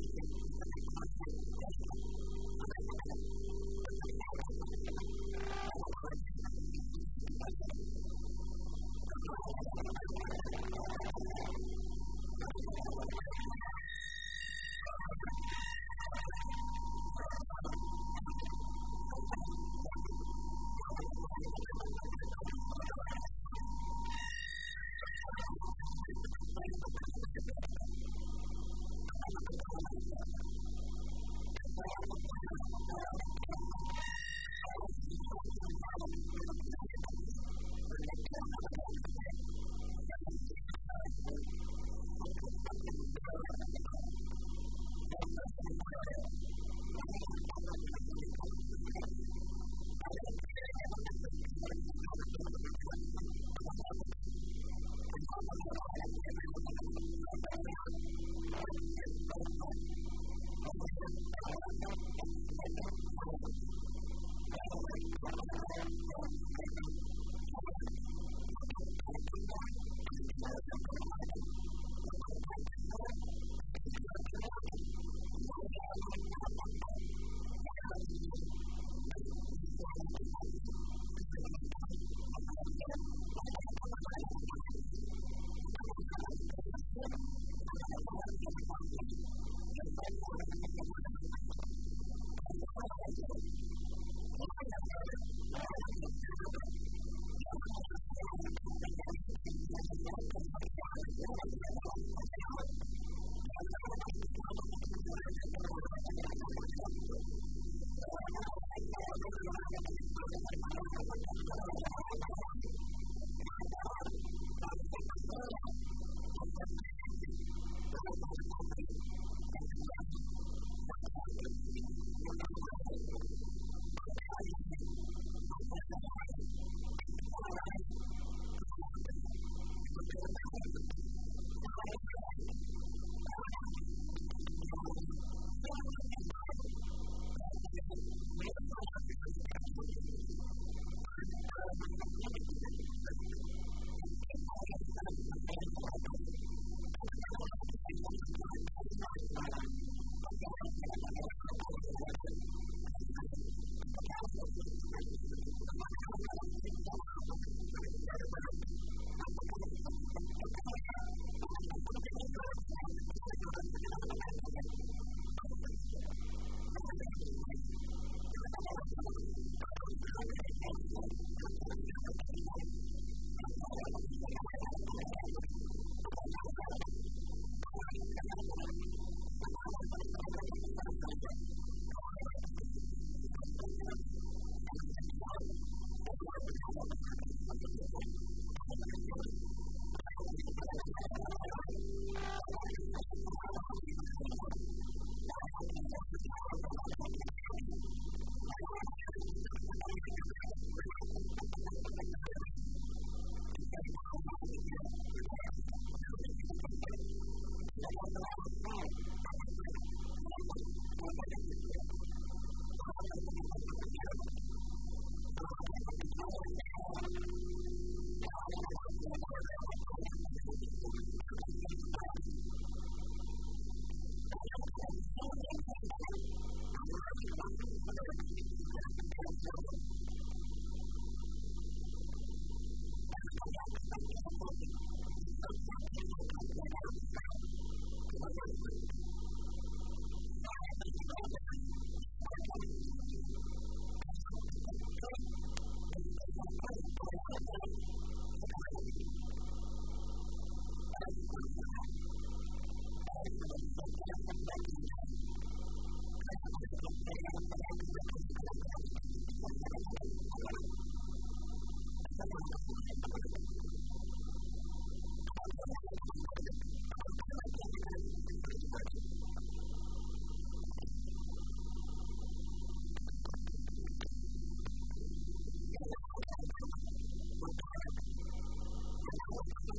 Thank you.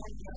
Thank you.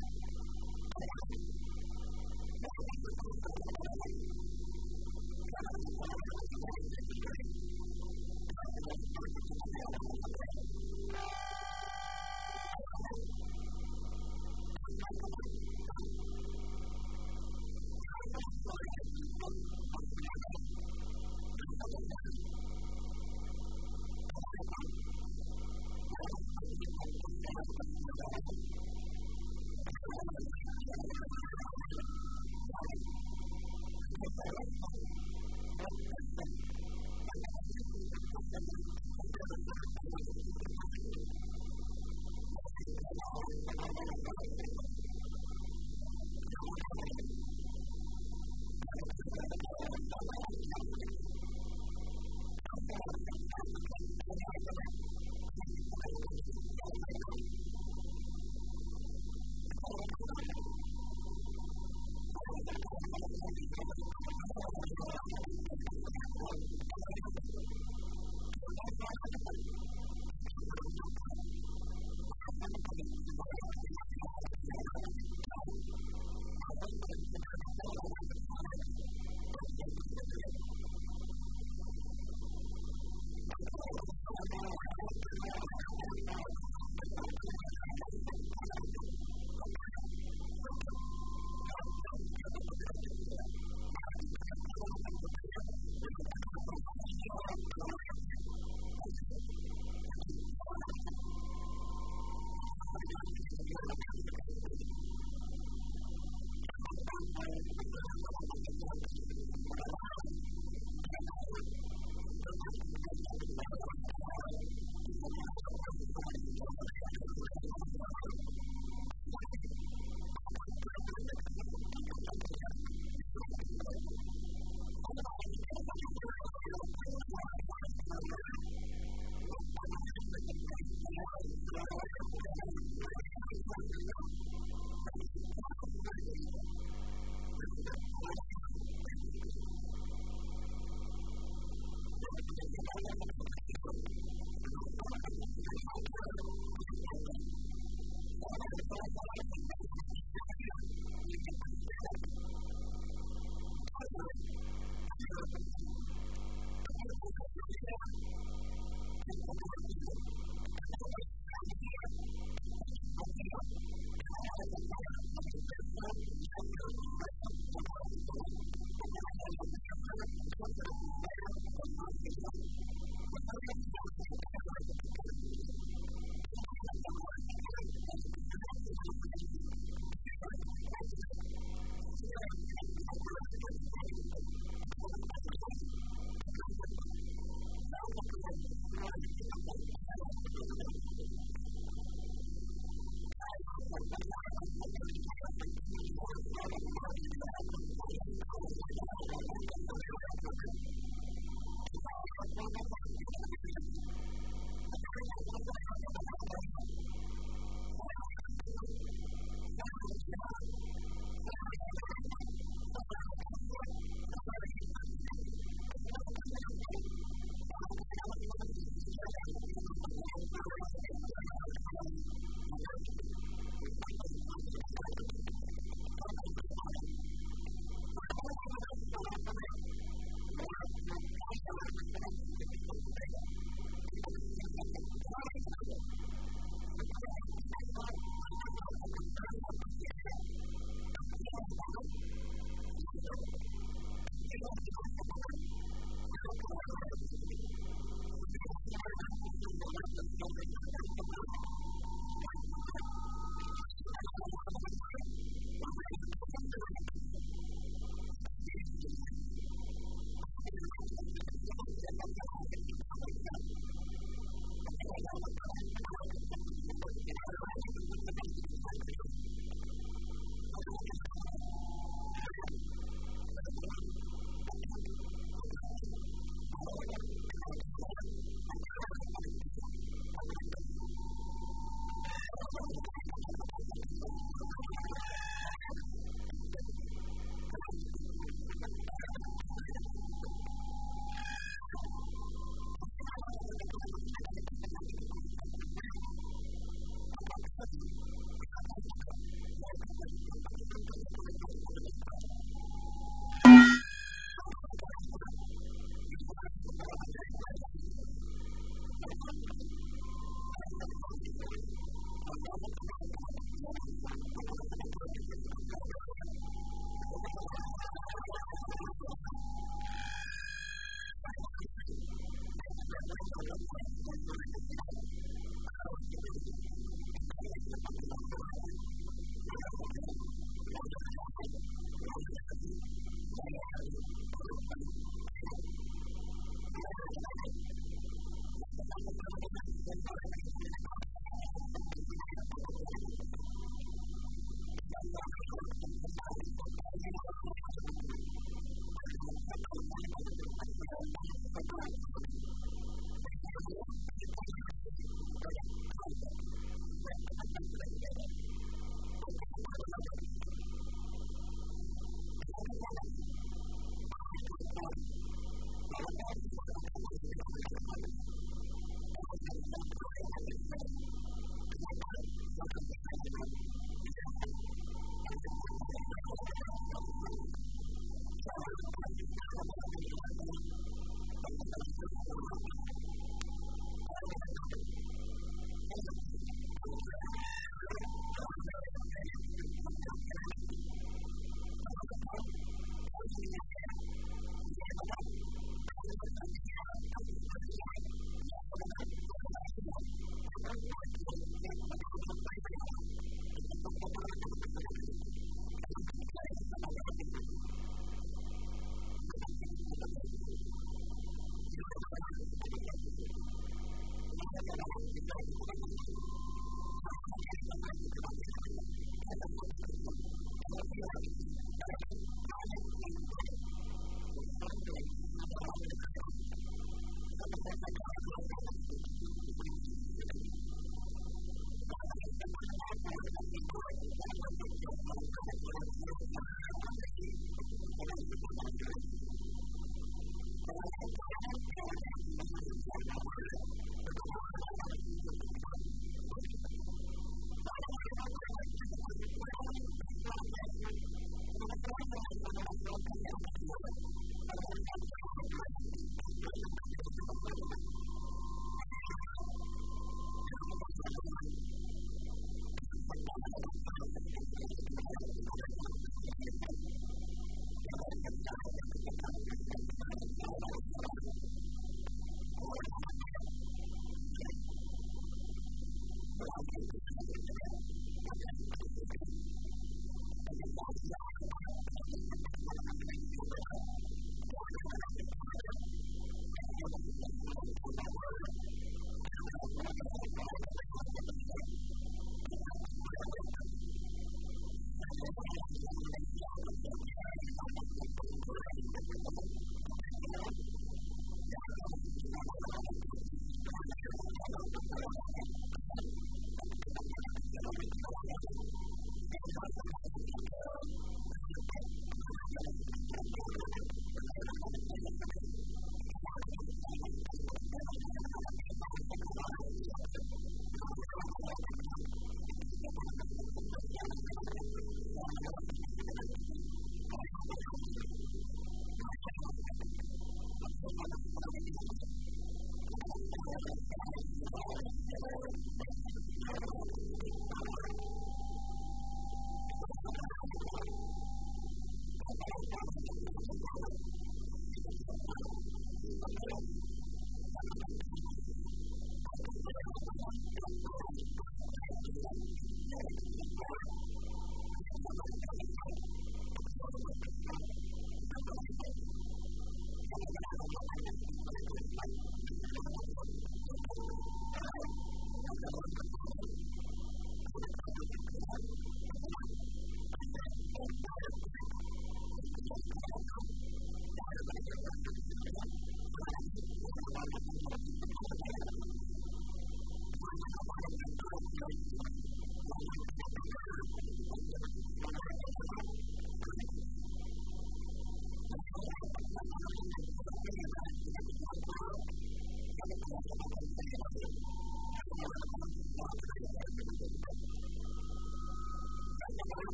Thank you.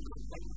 Thank you.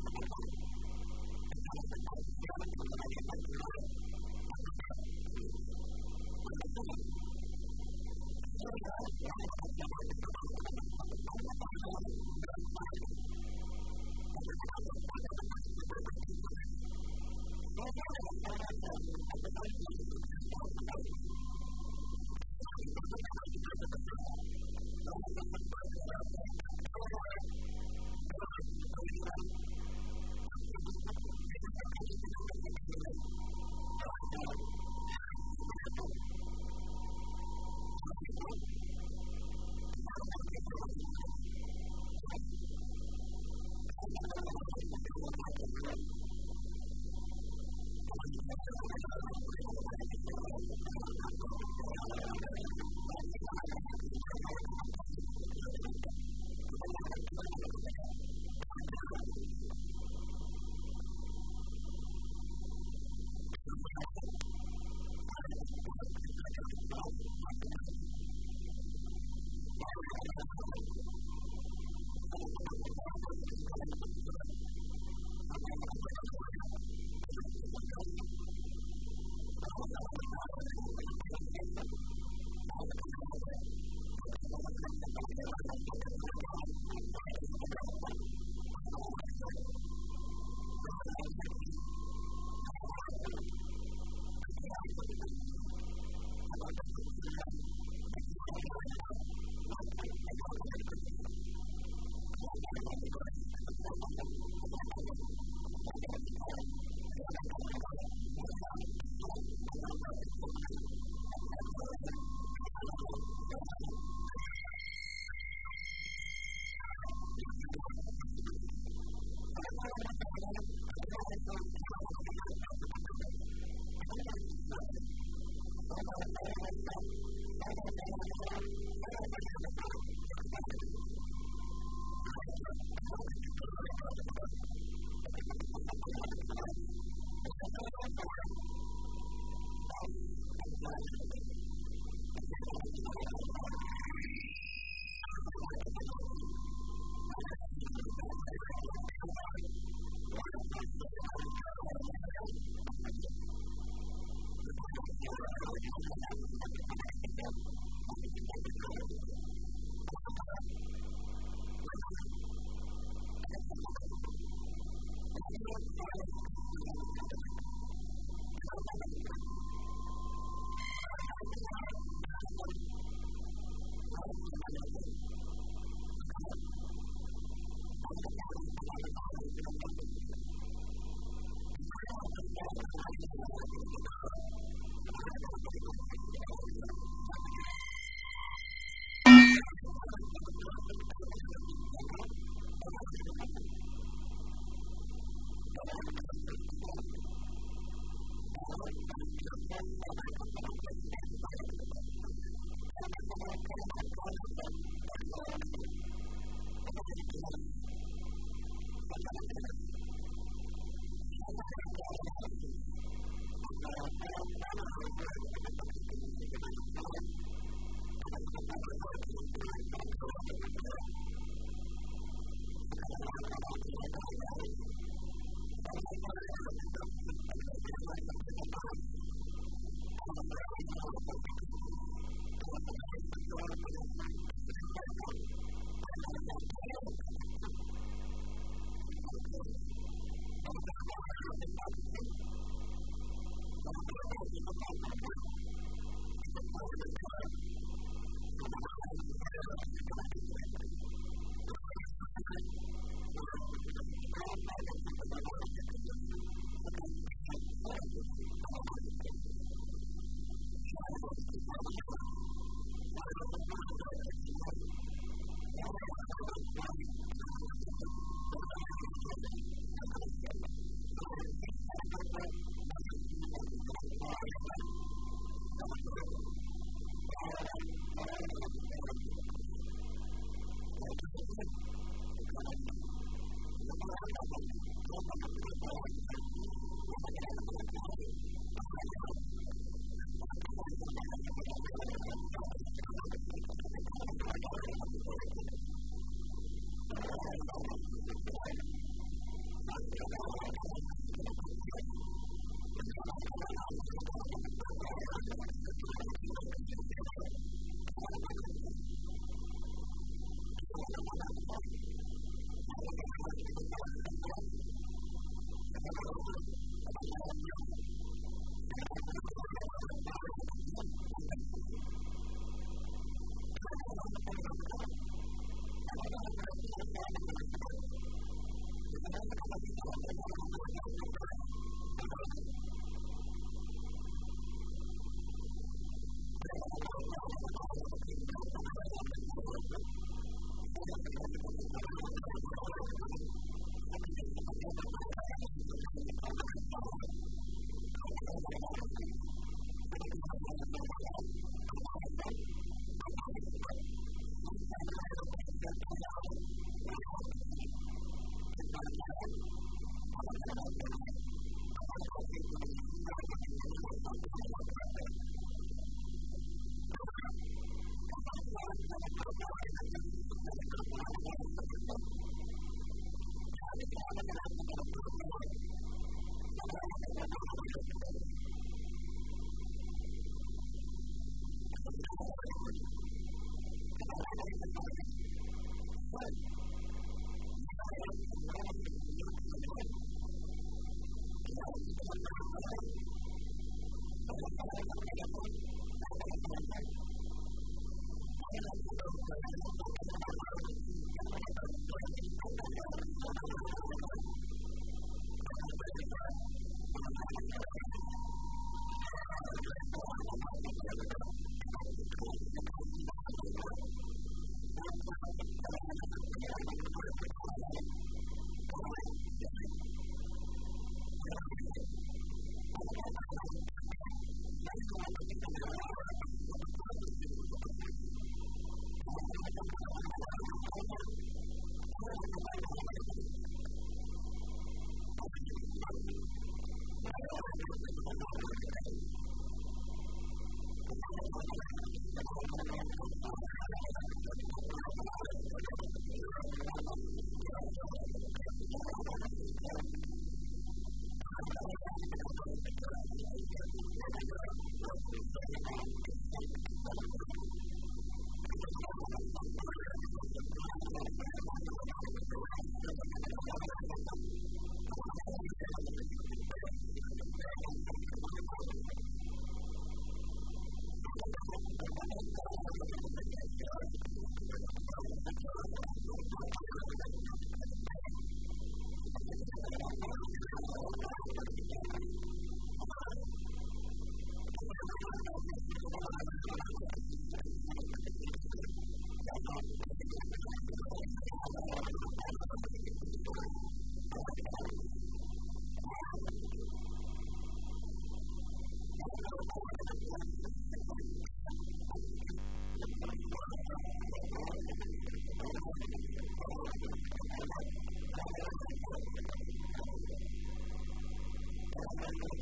Thank you.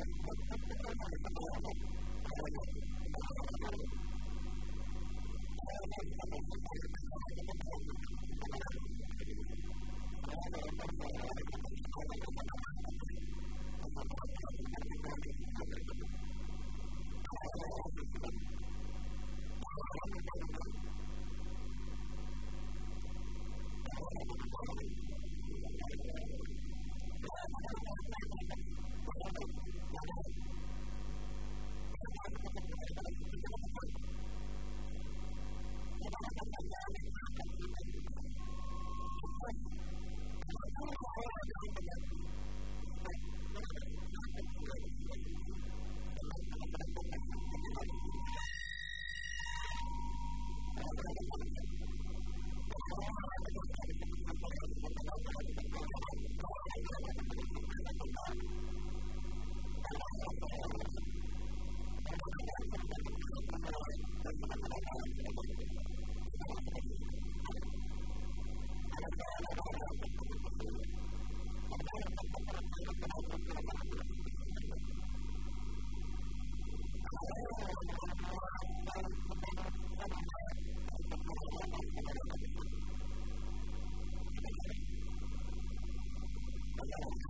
complement Yeah.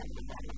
Thank you.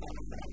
Democrat.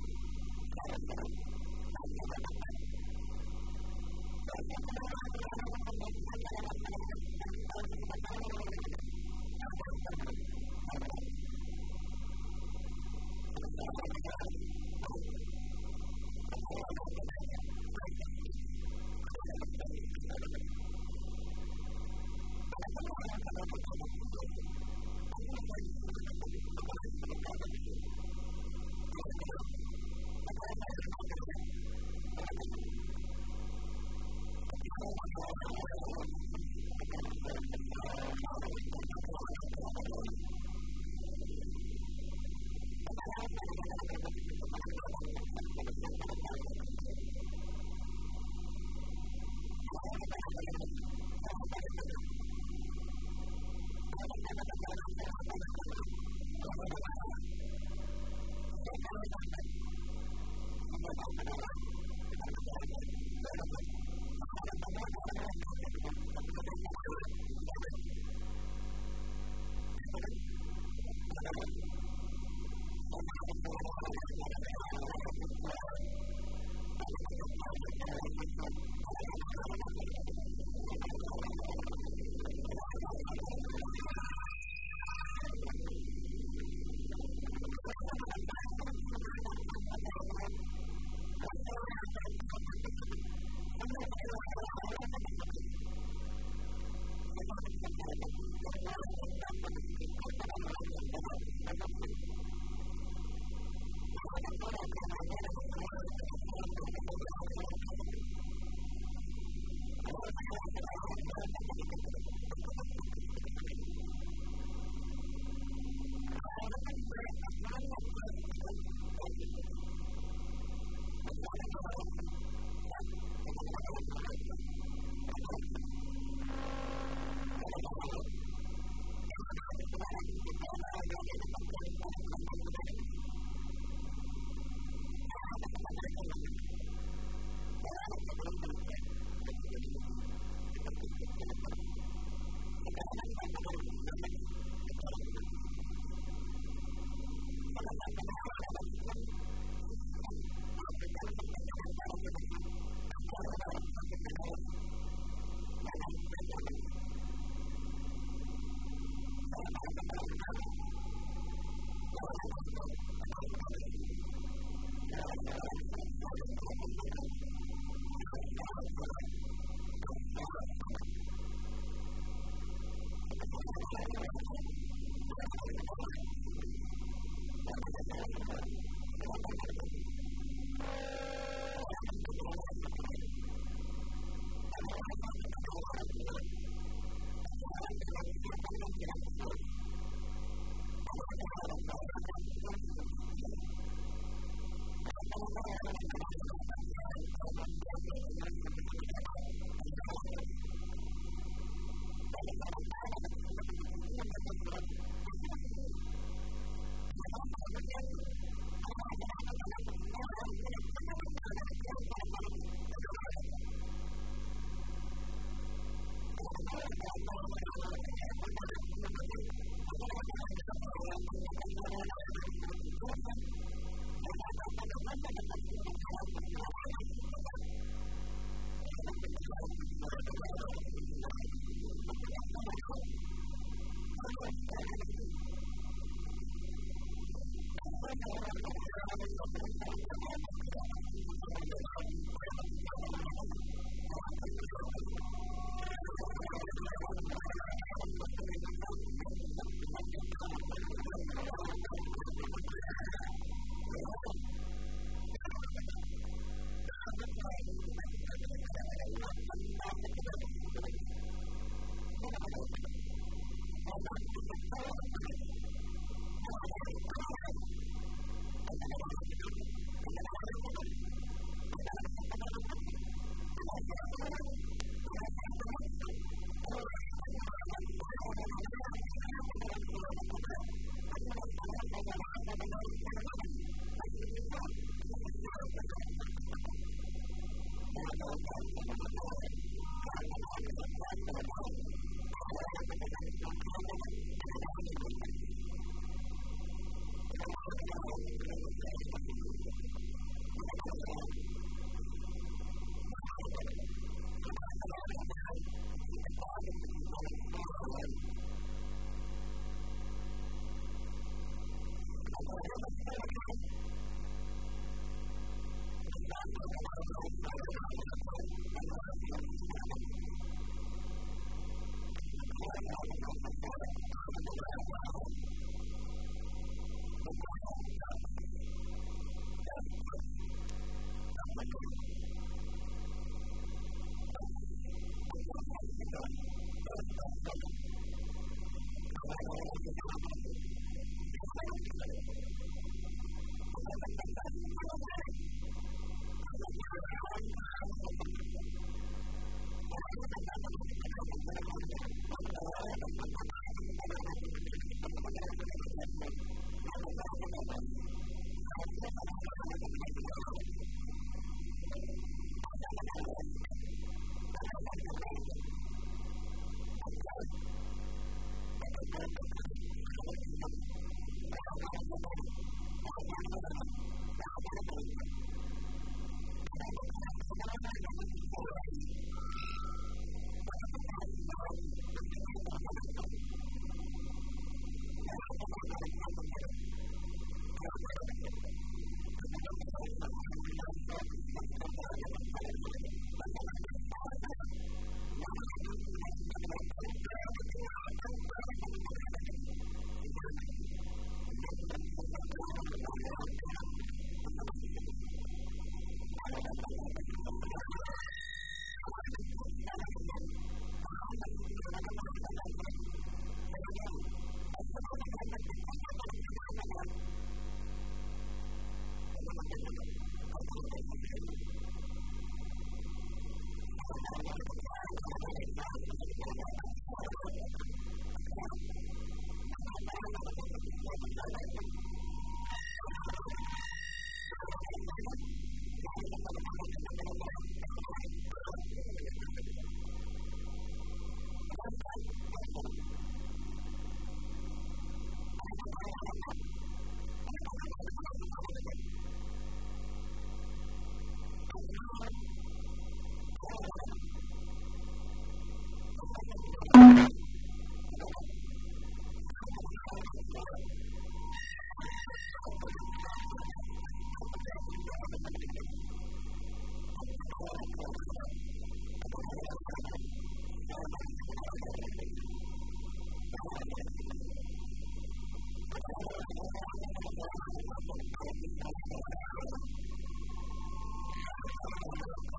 Yeah.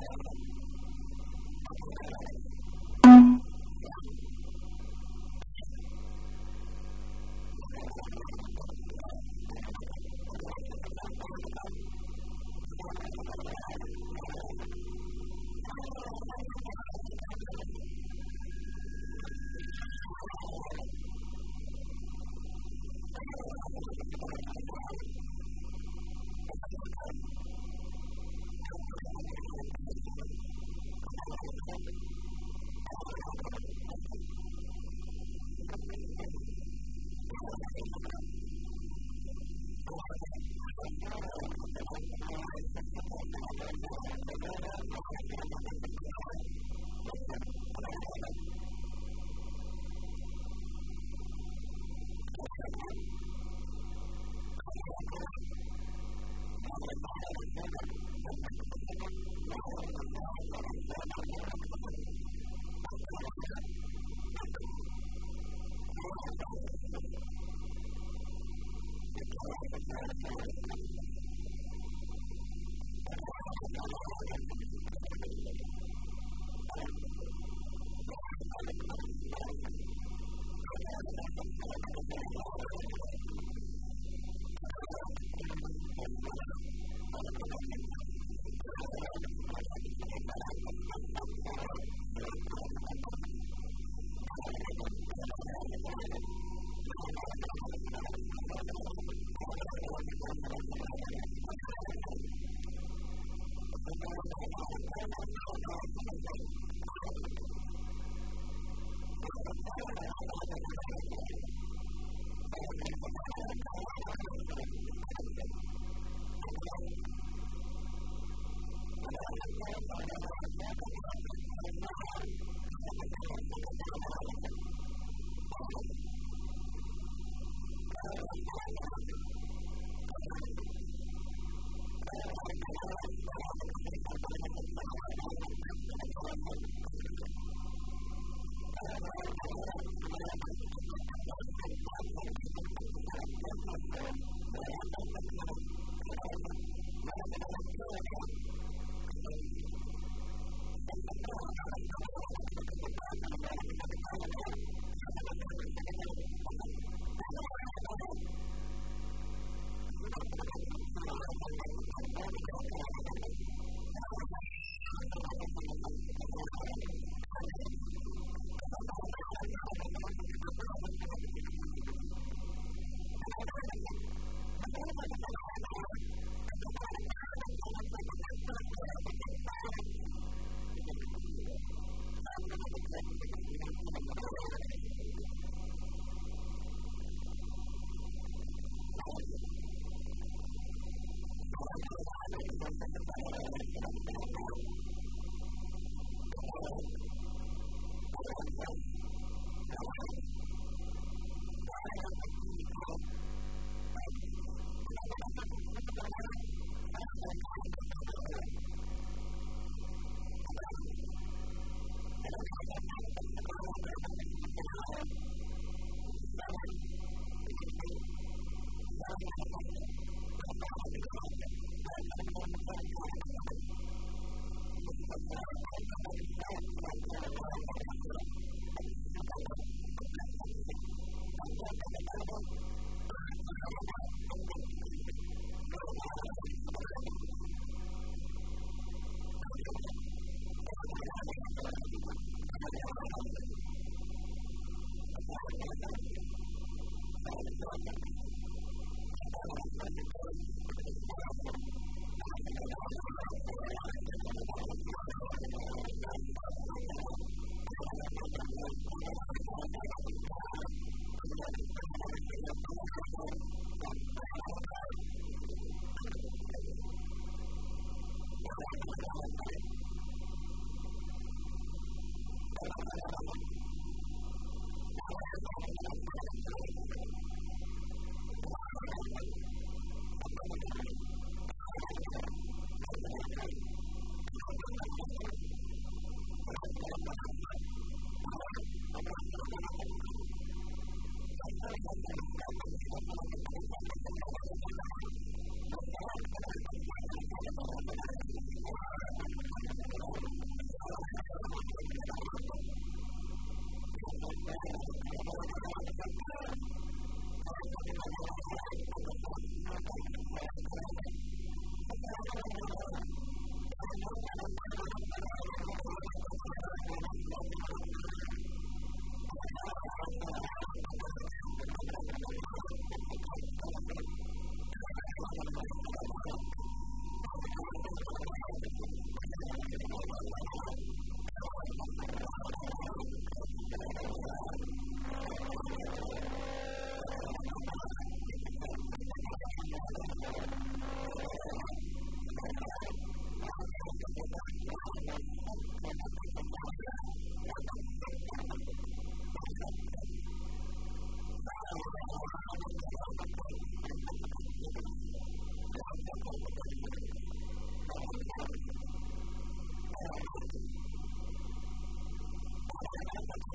down Thank you.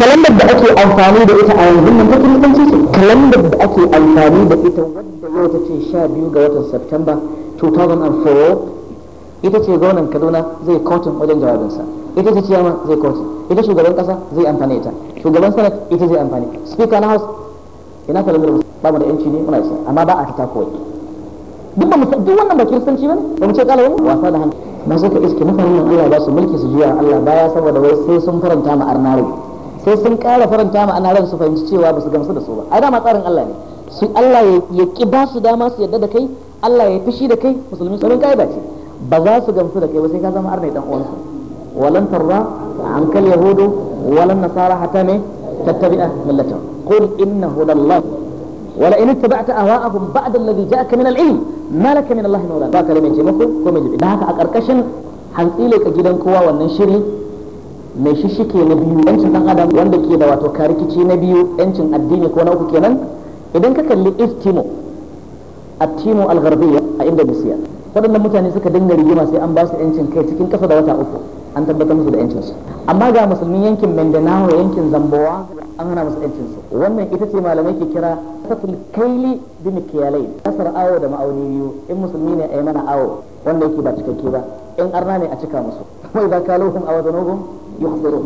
kalandar da ake amfani da ita a yanzu nan ta kiristanci ce kalandar da ake amfani da ita wadda yau ta ce 12 biyu ga watan September 2004 ita ce gwamnan Kaduna zai kotun wajen jawabinsa ita ce ciyama zai kotun ita shugaban kasa zai amfani ita shugaban sanat ita zai amfani speaker na house ina kalandar ba mu da yanci ne muna isa amma ba a ta kawai duk ba mu duk wannan ba kiristanci bane ba mu ce kala wani wasa da hannu na zaka iske mutanen Allah ba su mulki su juya Allah baya saboda wai sai sun faranta ma arnaro sai sun ƙara faranta ma ana ran su fahimci cewa ba su gamsu da su ba ai dama tsarin Allah ne su Allah ya ki ba su dama su yadda da kai Allah ya fishi da kai musulmi sun kai ba ce ba za su gamsu da kai ba sai ka zama arne dan uwansu walan tarra an kal yahudu walan nasara hatta ne tattabi'a millata qul inna hudallahi ولئن اتبعت اهواءهم بعد الذي جاءك من العلم ما لك من الله من ولا ba لمن جمكو ko جبي da haka a karkashin hantsile ka gidan kowa wannan shiri mai shishike na biyu yancin dan adam wanda ke da wato karikici na biyu yancin addini ko na uku kenan idan ka kalli iftimo attimo algarbiya a indonesia waɗannan mutane suka dinga rigima sai an ba su yancin kai cikin ƙasa da wata uku an tabbatar musu da yancin su amma ga musulmin yankin mindanao yankin zambowa an hana musu yancin su wannan ita ce malamai ke kira fatul kaili bi kasar awo da ma'auni biyu in musulmi ne a yi mana awo wanda yake ba cikakke ba in arna ne a cika musu kuma awa da awazanuhum yukhbiru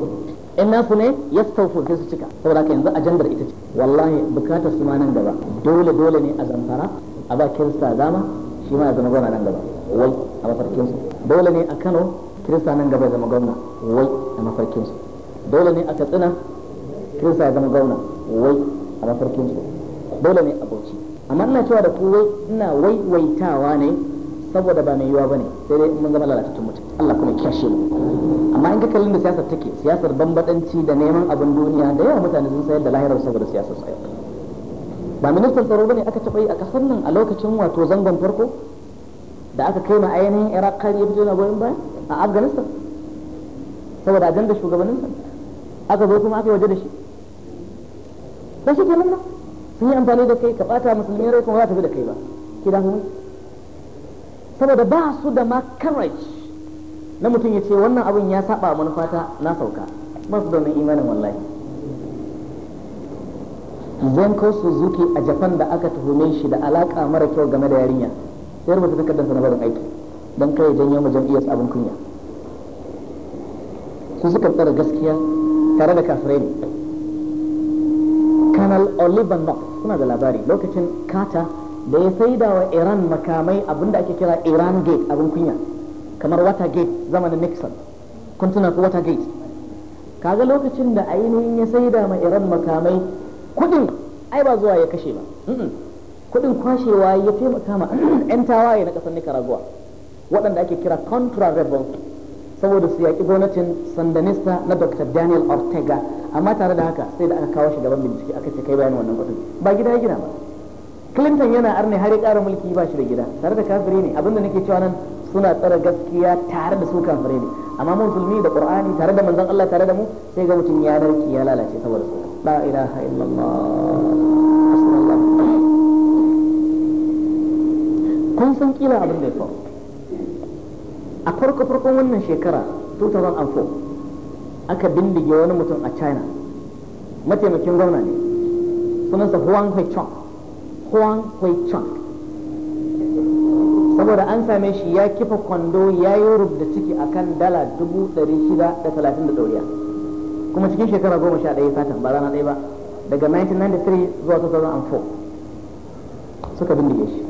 in na nasu ne ya yastawfu sai su cika saboda ka yanzu ajandar ita ce wallahi bukatar su ma nan gaba dole dole ne a zamfara a ba kirista dama shi ma ya zama gwamna nan gaba wai a mafarkin su dole ne a Kano kirista nan gaba ya zama gwamna wai a mafarkin su dole ne a Katsina kirista ya zama gwamna wai a mafarkin su dole ne a Bauchi amma ina cewa da ku wai ina waiwaitawa ne saboda ba mai yiwa ne sai dai mun zama lalatattun mutum Allah kuma kyashe mu amma in ka kallon da siyasar take siyasar bambadanci da neman abin duniya da yawa mutane sun sayar da lahirar saboda siyasar sayar ba ministan tsaro bane aka taɓa yi a kasar nan a lokacin wato zangon farko da aka kai ma ainihin iraq kari ya fito na goyon baya a afghanistan saboda ajandar sa aka zo kuma aka waje da shi ba shi ke ba sun yi amfani da kai ka ɓata musulmi rai kuma za ta fi da kai ba ki damu saboda ba su da ma courage na mutum ya ce wannan abin ya saba manufata na sauka ba su domin imanin wallahi Zenko Suzuki a Japan da aka tuhume shi da alaka mara kyau game da yarinya sai rubuta takardarsa na barin aiki don kai janyo mu jam'iyyar abin kunya su suka tsara gaskiya tare da kafirai kanal oliver suna da labari lokacin kata da ya saida wa iran makamai abinda ake kira iran gate abin kunya kamar watergate zamanin nixon kun tuna ku watergate kaga lokacin da ainihin ya saida ma iran makamai kudin ai ba zuwa ya kashe ba kudin kwashewa ya taimaka ma yan tawaye na kasar nicaragua waɗanda ake kira contra rebel saboda su yaƙi gwamnatin sandanista na dr daniel ortega amma tare da haka sai da aka kawo shi gaban bincike aka ce kai bayan wannan kudin ba gida ya gina ba clinton yana arne har ya ƙara mulki ba shi da gida tare da kafiri ne abinda nake cewa nan suna tsare gaskiya tare da su kafirai ne amma musulmi da qur'ani tare da manzon Allah tare da mu sai ga mutum ya narki ya lalace saboda su la ilaha illallah kun san kila abin da ya faru a farko farkon wannan shekara 2004 aka bindige wani mutum a china mataimakin gwamna ne sunansa huang huichong huang huichong saboda an same shi ya kifa kwando ya yi rubda ciki akan dala dubu ɗari shida da talatin da ɗoriya kuma cikin shekara goma sha ɗaya satan ba rana ɗaya ba daga 1993 zuwa 2004 suka bindige shi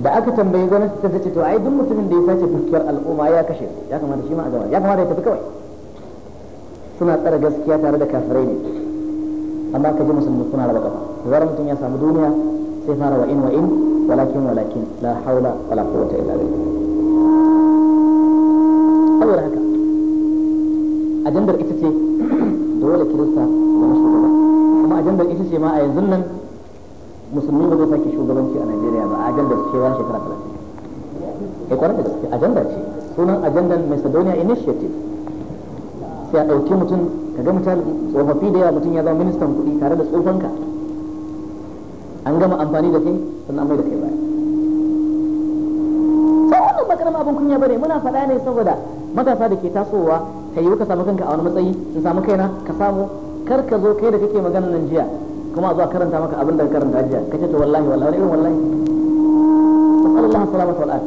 da aka tambayi gwamnati ta zace to ai duk mutumin da ya sace dukiyar al'umma ya kashe ya kamata shi ma a gama ya kamata ya tafi kawai suna tsara gaskiya tare da kafirai ne amma ka ji musulmi suna raba kafa zara mutum ya samu duniya sai fara wa in wa in walakin walakin la haula wala quwwata illa billah saboda haka ajandar ita ce dole kirista zama shugaba kuma ajandar ita ce ma a yanzu nan musulmi ba zai sake shugabanci a Najeriya ba ajandar ce cewa shekara 30 ya kwarar da ajandar ce sunan ajandar Macedonia Initiative sai a ɗauki mutum ka ga mutum tsofaffi da yawa mutum ya zama ministan kuɗi tare da tsofanka an gama amfani da kai sannan mai da kai baya sai wannan ba karamin abin kunya bane muna faɗa ne saboda matasa da ke tasowa ta yi ka samu kanka a wani matsayi in samu kaina ka samu kar ka zo kai da kake magana nan jiya kuma zuwa karanta maka abin da karanta jiya kace to wallahi wallahi irin wallahi sallallahu alaihi wa sallam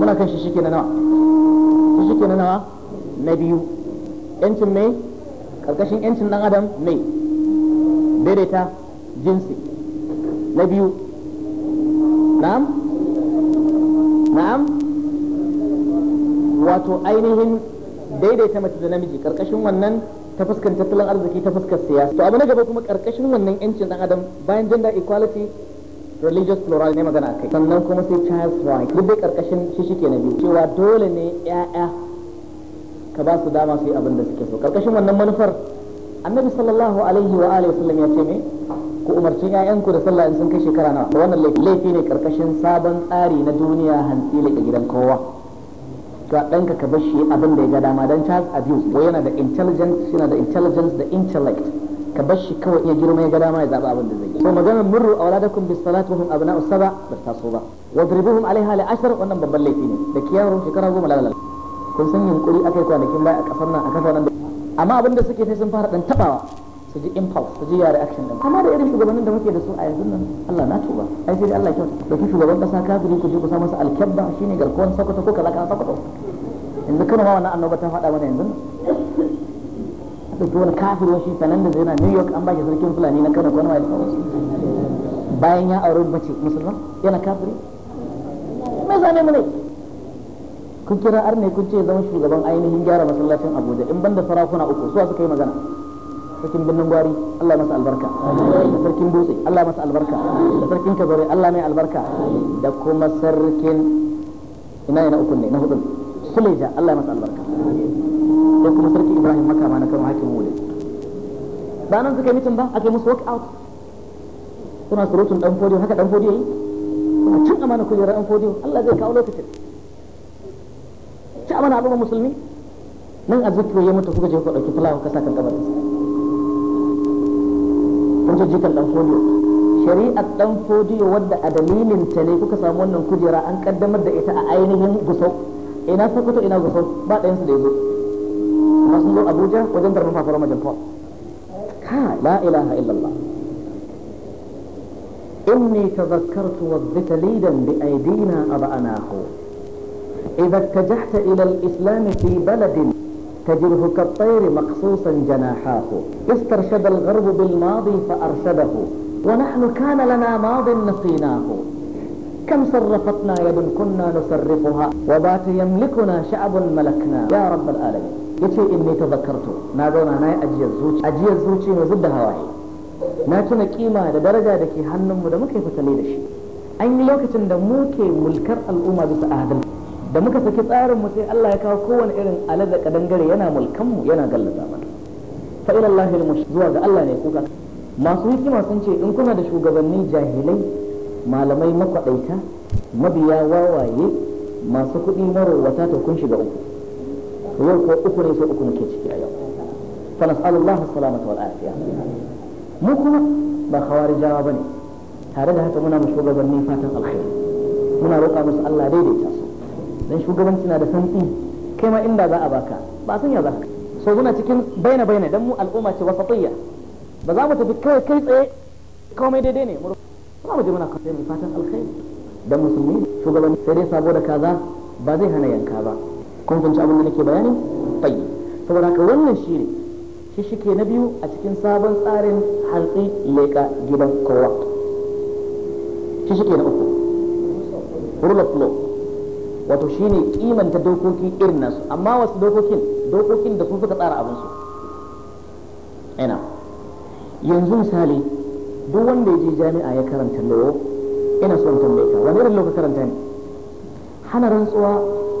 muna kan shi shike na nawa shi shike na nawa na biyu yancin mai karkashin yancin dan adam mai daidaita jinsi na biyu na'am na'am wato ainihin daidaita mace da namiji karkashin wannan ta fuskar tattalin arziki ta fuskar siyasa to abu na gaba kuma karkashin wannan yancin dan adam bayan gender equality religious plurality ne magana kai sannan kuma sai child's right duk dai karkashin shi na biyu cewa dole ne ya'ya ka ba su dama su yi abin da suke so karkashin wannan manufar annabi sallallahu alaihi wa alihi wasallam ya ce me ku umarci ƴaƴanku da sallah in sun kai shekara nawa da wannan laifi ne karkashin sabon tsari na duniya hantsi lake gidan kowa to danka ka bashi abin da ya ga dama dan child abuse ko yana da intelligence yana da intelligence da intellect ka bashi kawai ya girma ya ga dama ya zaba abin da zai yi to maganar murru auladakum bis salati wa hum abna'u sab'a ba ta so ba wadribuhum alaiha li ashr wannan babban laifi ne da kiyaro shekara goma lalala kun san yunkuri akai kwanakin baya a kasar nan a kasar nan amma abinda suke sai sun fara dan tabawa su ji impulse su ji ya reaction din amma da irin shugabannin da muke da su a yanzu nan Allah na tuba ai sai Allah da dauki shugaban kasa kafiri ku je ku sa masa alkabba shine garkuwan sokoto ko kaza ka sokoto yanzu kana ma wannan annoba ta faɗa mana yanzu dauki wani kafir shi sanan da zai na New York an bashi sarkin Fulani na Kano kwana da bayan ya auri mace musulma yana kafiri me zane mu ne kun kira arne kun ce zama shugaban ainihin gyara masallacin abuja in banda sarakuna uku suwa suka yi magana sarkin birnin gwari Allah masa albarka da sarkin dutse Allah masa albarka da sarkin kabare Allah mai albarka da kuma sarkin ina ina uku ne na hudun suleja Allah masa albarka da kuma sarki Ibrahim makama na kama hakim wule ba nan suka yi mitin ba aka yi musu work out suna surutun dan fodiyo haka dan fodiyo yi a cin amana kujerar dan fodiyo Allah zai kawo lokacin shi amana al'umma musulmi nan a zikiru ya mutu kuka je ku ɗauki fulawa ka kan kamar kun ji jikan ɗan foliyo shari'ar ɗan foliyo wadda a dalilin ta ne kuka samu wannan kujera an kaddamar da ita a ainihin gusau ina sokoto ina gusau ba ɗayan su da zo amma sun zo abuja wajen darma fafara majan fa ka la ilaha illallah inni tazakkartu wa dhikallidan bi aidina abanahu إذا اتجهت إلى الإسلام في بلد تجده كالطير مقصوصا جناحاه استرشد الغرب بالماضي فأرشده ونحن كان لنا ماض نسيناه كم صرفتنا يد كنا نصرفها وبات يملكنا شعب ملكنا يا رب العالمين يتي إني تذكرت نادونا ناي أجي الزوج أجي الزوجي نزد هواي ناتنا كيما لدرجة دكي هنم ودمك يفتليدش أين لوكة دموك ملكر الأمة بس آدم da muka saki tsarin mu sai Allah ya kawo kowane irin alada kadangare yana mulkan mu yana gallaza mana fa ila Allahil zuwa ga Allah ne kuka masu hikima sun ce in kuna da shugabanni jahilai malamai makwadaita mabiya wawaye masu kuɗi wata to kun shiga uku yau ko uku ne sai uku muke ciki a yau fa nas'alullah as-salamata wal afiya mu kuma ba khawarijawa bane tare da haka muna mu shugabanni fatan alkhairi muna roƙa musu Allah daidaita su dan shugabanci na da santsi kai ma inda za a baka ba san ya za so muna cikin baina baina dan mu al'umma ce wasatiyya ba za mu tafi kai kai tsaye komai daidai ne ba mu je muna kasai mu fatan alkhairi dan musulmi shugabanci sai dai sabo da kaza ba zai hana yanka ba kun fahimci abin da nake bayani tayi saboda ka wannan ne shi shike na biyu a cikin sabon tsarin hantsi leka gidan kowa shi shike na uku rule of law wato shine kimanta dokoki irin nasu amma wasu dokokin dokokin da su suka tsara abin su ina yanzu misali duk wanda ya je jami'a ya karanta lawo ina son tambaye ka wani irin lokaci karanta ne hana rantsuwa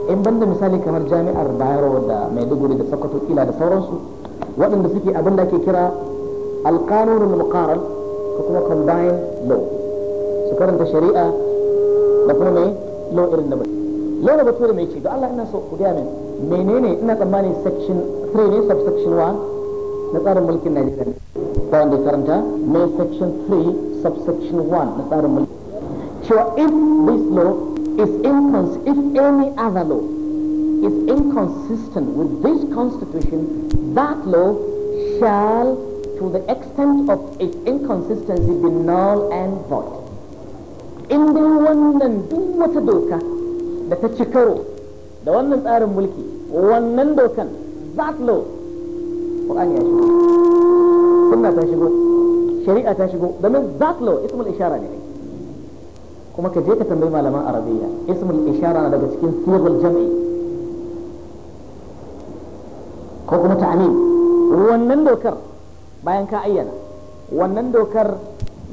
in banda misali kamar jami'ar Bayero da Maiduguri da Sokoto kila da sauransu waɗanda suke abin da ake kira alƙanunin muqaran ko kuma combined law su karanta shari'a da kuma mai law irin da bai Lola Bature mai ce da Allah ina so ku gaya min menene ina tsammani section 3 ne subsection 1 na tsarin mulkin Najeriya ne ba wanda karanta me section 3 subsection 1 na tsarin mulkin cewa if this law is inconsistent if any other law is inconsistent with this constitution that law shall to the extent of its inconsistency be null and void in dai wannan duk wata doka da ta ci karo da wannan tsarin mulki wannan dokan that law Quran ya shigo sunna ta shigo shari'a ta shigo domin that law ismul ishara ne kuma ka je ka tambayi malaman arabiya ismul ishara na daga cikin sirrul jam'i ko kuma ta'amin wannan dokar bayan ka ayyana wannan dokar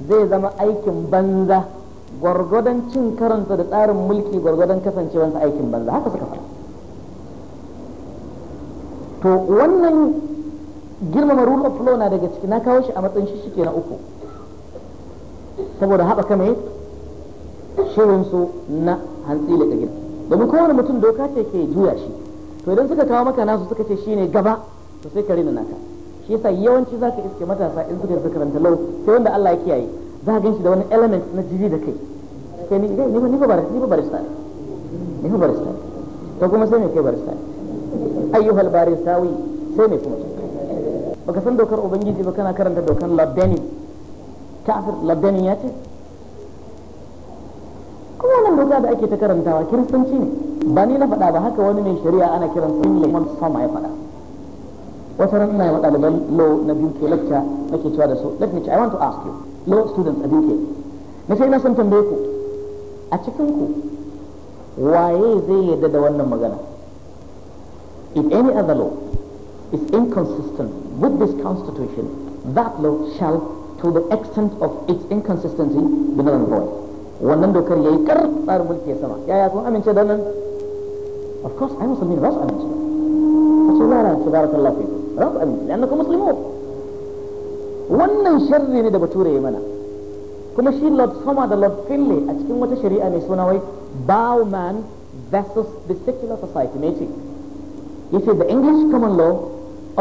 zai zama aikin banza gwargwadon cin karansa da tsarin mulki gwargwadon kasancewansa aikin banza haka suka faɗa to wannan girmama rule of law na daga ciki na kawo shi a matsayin shi shike na uku saboda haɓaka mai shirinsu na hantsi da gida domin kowane mutum doka ce ke juya shi to idan suka kawo maka nasu suka ce shi ne gaba to sai ka rina naka shi yasa yawanci za ka iske matasa in suka karanta lau sai wanda Allah ya kiyaye za a ganshi da wani element na jiri da kai kai ni dai ni ba barista ni ba barista ne ni ba barista to kuma sai me kai barista ayyuhal barisawi sai me kuma baka san dokar ubangiji ba kana karanta dokar labdani kafir labdani ya ce kuma wannan doka da ake ta karantawa kiristanci ne ba ni na faɗa ba haka wani mai shari'a ana kiran sa Imam Sama ya faɗa wata ran ina yi wa ɗaliban law na biyu ke lacca nake cewa da su let me I want to ask you law students a duke na ce ina son tambaye ku a cikin ku waye zai yadda da wannan magana if any other law is inconsistent with this constitution that law shall to the extent of its inconsistency be null and void wannan dokar yayi kar tsarin mulki ya sama yaya amince da nan of course I musulmi ba su amince ba ce ba tabarakallahu fiku ba amince wannan sharri ne da bature ya mana kuma shi Lord Summer da Lord Finley a cikin wata shari'a mai suna wai Bowman versus the secular society ne ce Ya ce the English common law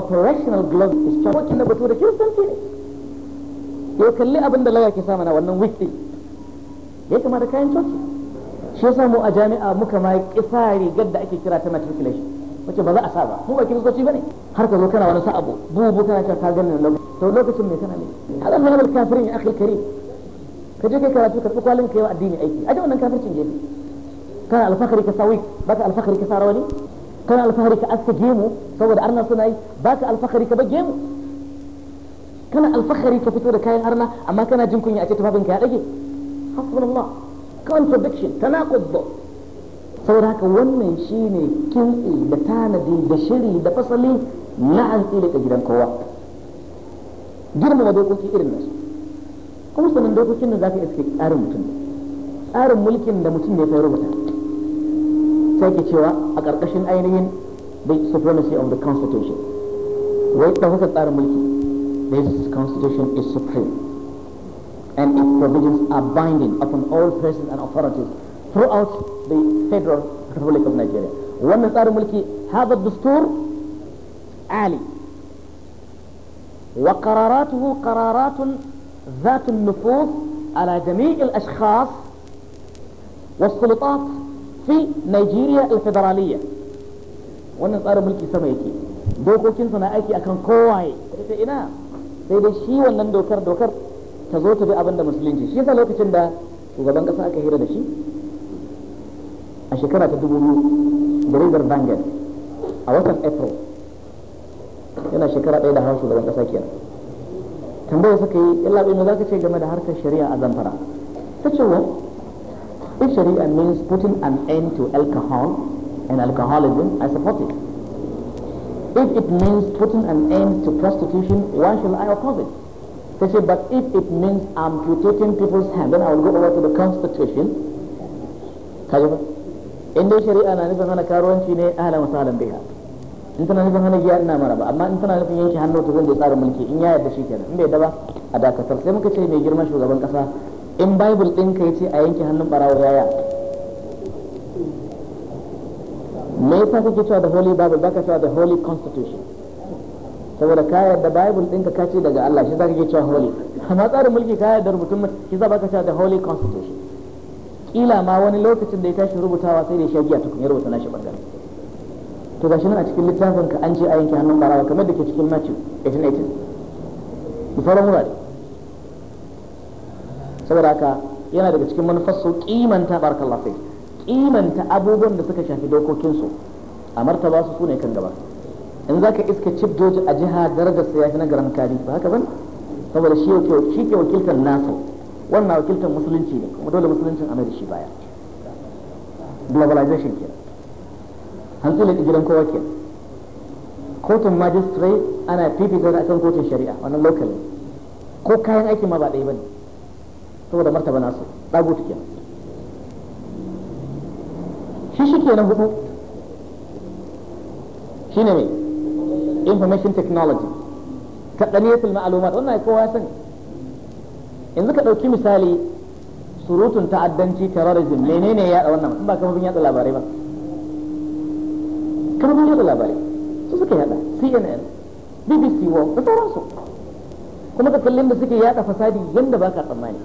operational glove is wakil da bature kiristanci ne Ya kalli abin da lawyer ke sa mana wannan wiki. ya kama da kayan coci shi ya samu a jami'a muka ma kisa rigar da ake kira ta matriculation wace ba za a sa ba mu ba ki kiristoci bane har ka zo kana wani sa abu bubu kana ta ganin nan to lokacin me kana ne hada hada kafirin ya akhil karim ka je kai karatu ka fi kwalin kai wa addini aiki aje wannan kafircin gefe kana alfahari ka sawi baka alfahari ka sara wani kana alfahari ka aske gemu saboda arna suna yi baka alfahari ka ba gemu kana alfahari ka fito da kayan arna amma kana jin kunya a ce tufafin ka ya dage hasbunallah contradiction tanaqud saboda wannan wannan shine kintsi da tanadi da shiri da fasali na an tsile gidan kowa girmama dokoki irin nasu kuma sanin dokokin da za ka iske tsarin mutum tsarin mulkin da mutum ne sai rubuta sai ke cewa a ƙarƙashin ainihin the supremacy of the constitution wai ɗaukaka tsarin mulki this constitution is supreme and its provisions are binding upon all persons and authorities throughout the Federal Republic of Nigeria. One is Arumulki, هذا الدستور عالي وقراراته قرارات ذات النفوذ على جميع الأشخاص والسلطات في نيجيريا الفدراليه. وانا صار ملكي سميكي دو كوكين سنا ايكي اكن كواي انا سيدي شي وانا دوكر دوكر تزوت بي ابن شي سالوكي چندا وغبان قصا اكا شي a shekara ta dubu biyu jaridar bangal a watan april yana shekara ɗaya da hawa shugaban ƙasa kenan tambaya suka yi illa bai za ka ce game da harkar shari'a a zamfara ta ce wa if sharia means putting an end to alcohol and alcoholism i support it if it means putting an end to prostitution why should i oppose it They say, but if it means amputating people's hand, then I will go over to the constitution. in dai shari'a na nufin hana karuwanci ne a wa sahlan biha in tana nufin hana giya ina mara ba amma in tana nufin yanke hannu ta zai tsarin mulki in ya yarda shi kenan in bai daba a dakatar sai muka ce mai girman shugaban kasa in bible din ka yace a yanke hannun barawo yaya me yasa kake cewa da holy bible baka cewa da holy constitution saboda ka yarda bible din ka kace daga Allah shi zaka ke cewa holy amma tsarin mulki ka yarda rubutun shi za baka cewa da holy constitution kila ma wani lokacin da ya tashi rubutawa sai da ya sha giya tukun ya rubuta nashi bangare to gashi nan a cikin littafin ka an ce a yanke hannun barawa kamar da ke cikin Matthew 18:18 da sauran wurare saboda haka yana daga cikin manufarsu kimanta barakallahu lafai kimanta abubuwan da suka shafi dokokinsu a martaba su sune kan gaba in za ka iska cif doji a jiha darajar ya fi na garan kari ba haka bane saboda shi ke wakiltar nasa wannan wakiltar musulunci ne kuma dole musuluncin a da shi baya globalization ke hantsi da gidan kowa ke kotun magistrate ana fifita da akan kotun shari'a wannan local ko kayan aiki ma ba ɗaya ba ne saboda martaba nasu ɗagutu kenan shi shi ke na hudu shi ne information technology ya kaɗaniyatul ma'alumat wannan kowa sani yanzu ka ɗauki misali surutun ta'addanci terrorism menene ya yaɗa wannan in ba bin yaɗa labarai ba bin yaɗa labarai su suka yada CNN BBC World da sauransu kuma ka kallon da suke yaɗa fasadi yadda ba ka tsammani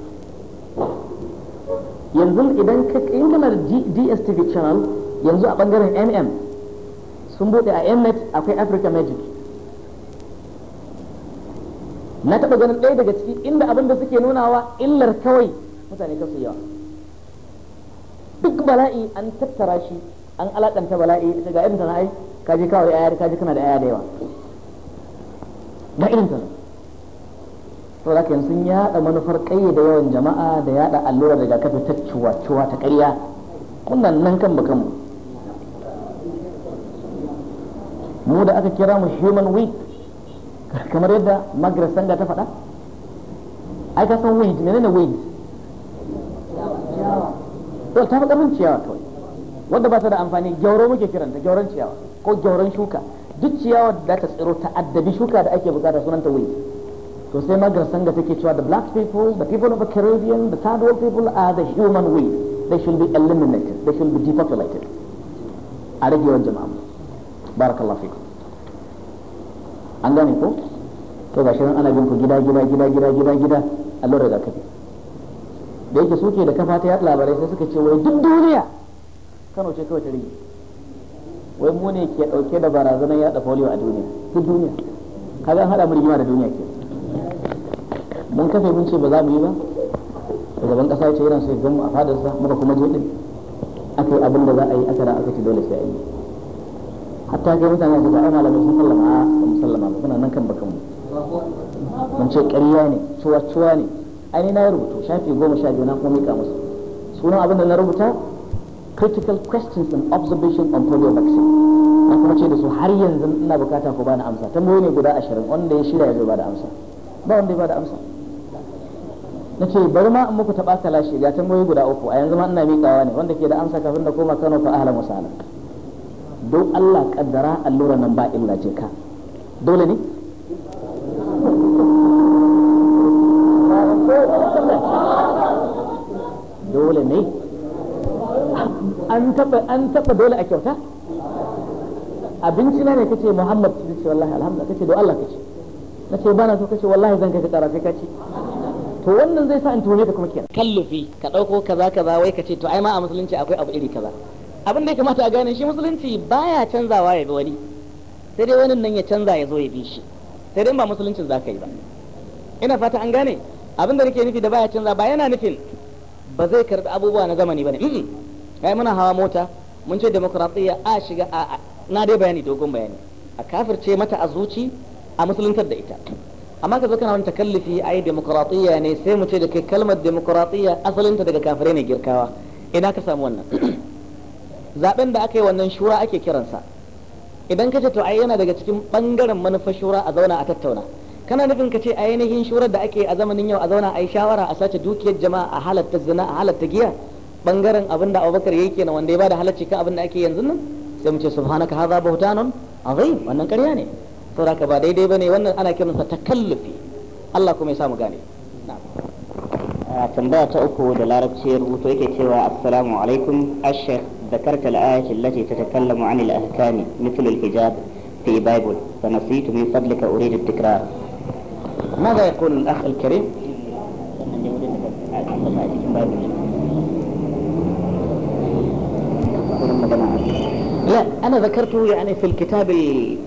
yanzu idan ka in kana da DSTV channel yanzu a bangaren mm sun bude a Mnet akwai Africa Magic na taɓa ganin ɗaya daga ciki inda abin da suke nunawa illar kawai mutane kasu yawa duk bala'i an tattara shi an alakanta bala'i ita ga irin sana'ai ka je kawai aya ka je kana da aya da yawa ga irin sana'ai to da kan sun yada manufar kayyade yawan jama'a da yada daga kafa ta cuwa-cuwa ta ƙarya kunnan nan kan bakan mu da aka kira mu human weight kamar yadda magret sanda ta faɗa ai ta san ne ne wind to ta fi mun ciyawa kawai wanda ba ta da amfani gyauro muke kiranta gyauron ciyawa ko gyauron shuka duk ciyawa da ta tsiro ta addabi shuka da ake bukata sunanta wind to sai magret sanda take cewa the black people the people of the caribbean the third world people are the human wind they should be eliminated they should be depopulated a rage yawan jama'a barakallahu fikum an gane ko to ga shirin ana bin ku gida gida gida gida gida gida allon rigakafi da yake suke da kafa ta yaɗa labarai sai suka ce wai duk duniya kano ce kawai ta rigi wai mu ne ke ɗauke da barazanar yaɗa polio a duniya duk duniya ka an haɗa mu rigima da duniya ke mun kafe mun ce ba za mu yi ba shugaban ƙasa ya ce yana so ya gan mu a fadarsa muka kuma je din aka yi abin da za a yi aka da aka ci dole sai a yi hatta ga mutane da ai malamai sun sallama a ba mu sallama ba kuna nan kan bakan mu mun ce ƙarya ne cuwa cuwa ne ai na rubutu shafi goma sha biyu na kuma mika musu sunan abin da na rubuta critical questions and observation on polio vaccine na kuma ce da su har yanzu ina bukata ku bani amsa tambayoyi ne guda ashirin wanda ya shirya zai bada amsa ba wanda ya bada amsa na ce bari ma in muku taɓa kalashi ga tambayoyi guda uku a yanzu ma ina miƙawa ne wanda ke da amsa kafin da koma kano fa ahlan wasala don Allah kaddara allura nan ba illa ce ka dole ne dole ne an taba an taba dole a kyauta abinci na ne kace Muhammad kace wallahi alhamdulillah kace don Allah kace nace ba na so kace wallahi zan kai ka tsara sai ka ci? to wannan zai sa in tuhume ka kuma kenan kallufi ka dauko kaza kaza wai kace to ai ma a musulunci akwai abu iri kaza abin da ya kamata a gane shi musulunci baya canzawa ya bi wani sai dai wani nan ya canza ya zo ya bi shi sai dai ba musuluncin za ka yi ba ina fata an gane abin da nake nufi da baya canza ba yana nufin ba zai karɓi abubuwa na zamani ba ne kai muna hawa mota mun ce demokratiya a shiga a na dai bayani dogon bayani a kafirce mata a zuci a musuluntar da ita amma ka zo kana wani takallifi yi demokratiya ne sai mu ce da kai kalmar demokratiya asalinta daga kafirai ne girkawa ina ka samu wannan zaben da aka yi wannan shura ake kiransa idan ka ce to ai yana daga cikin bangaren manufar shura a zauna a tattauna kana nufin ka ce a yanayin shurar da ake a zamanin yau a zauna a yi shawara a sace dukiyar jama'a a halatta zina a halatta giya bangaren abin da abubakar yake na wanda ya bada halacci kan abin da ake yanzu nan sai mu ce subhanaka hadha buhtanun azim wannan ƙarya ne saboda ka ba daidai bane wannan ana kiransa takallufi Allah kuma ya sa mu gane tambaya ta uku da larabci rubutu yake cewa assalamu alaikum ashekh ذكرت الآية التي تتكلم عن الأهكام مثل الحجاب في بايبل فنسيت من فضلك أريد التكرار ماذا يقول الأخ الكريم؟ لا أنا ذكرته يعني في الكتاب ال...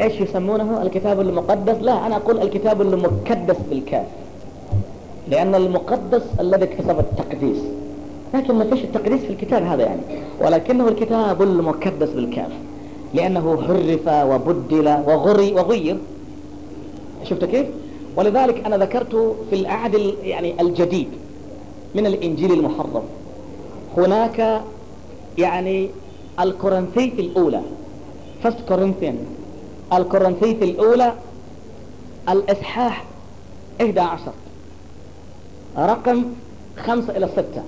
إيش يسمونه الكتاب المقدس لا أنا أقول الكتاب المكدس بالكاف لأن المقدس الذي اكتسب التقديس لكن ما فيش التقديس في الكتاب هذا يعني ولكنه الكتاب المكدس بالكاف لأنه حرف وبدل وغري وغير شفت كيف؟ ولذلك أنا ذكرت في العهد يعني الجديد من الإنجيل المحرم هناك يعني الكورنثية الأولى فست كورنثيان الكورنثية الأولى الإصحاح 11 رقم خمسة إلى ستة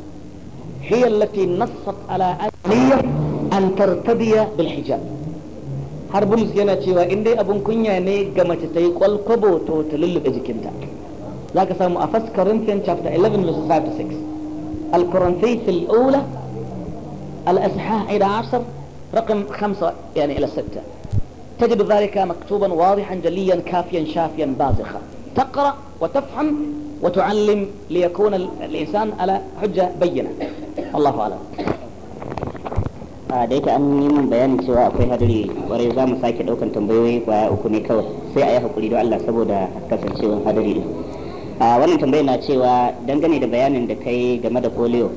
هي التي نصت على عالية أن ترتدي بالحجاب هربون سيانا تيوا إندي أبون كنيا ني غما تتايق والقبو توتلل بجكنتا ذاك سامو أفس كورنثيان شابتا 11 verse 5 to 6 الكورنثيث الأولى الأسحاح إلى عشر رقم خمسة يعني إلى ستة تجد ذلك مكتوبا واضحا جليا كافيا شافيا بازخا تقرأ وتفهم وتعلم ليكون الإنسان على حجة بينة والله أعلم da yake an yi min bayanin cewa akwai hadari kwarai za mu sake daukan tambayoyi kwaya uku ne kawai sai a yi hakuri don Allah saboda kasancewar hadari din a wannan tambayar na cewa dangane da bayanin da kai game da polio